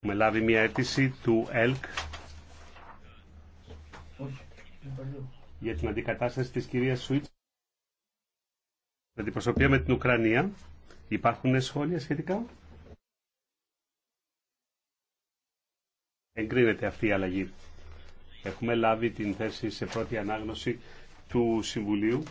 Έχουμε λάβει μια αίτηση του ΕΛΚ για την αντικατάσταση της κυρίας Σουίτς την προσωπία με την Ουκρανία. Υπάρχουν σχόλια σχετικά. Εγκρίνεται αυτή η αλλαγή. Έχουμε λάβει την θέση σε πρώτη ανάγνωση του Συμβουλίου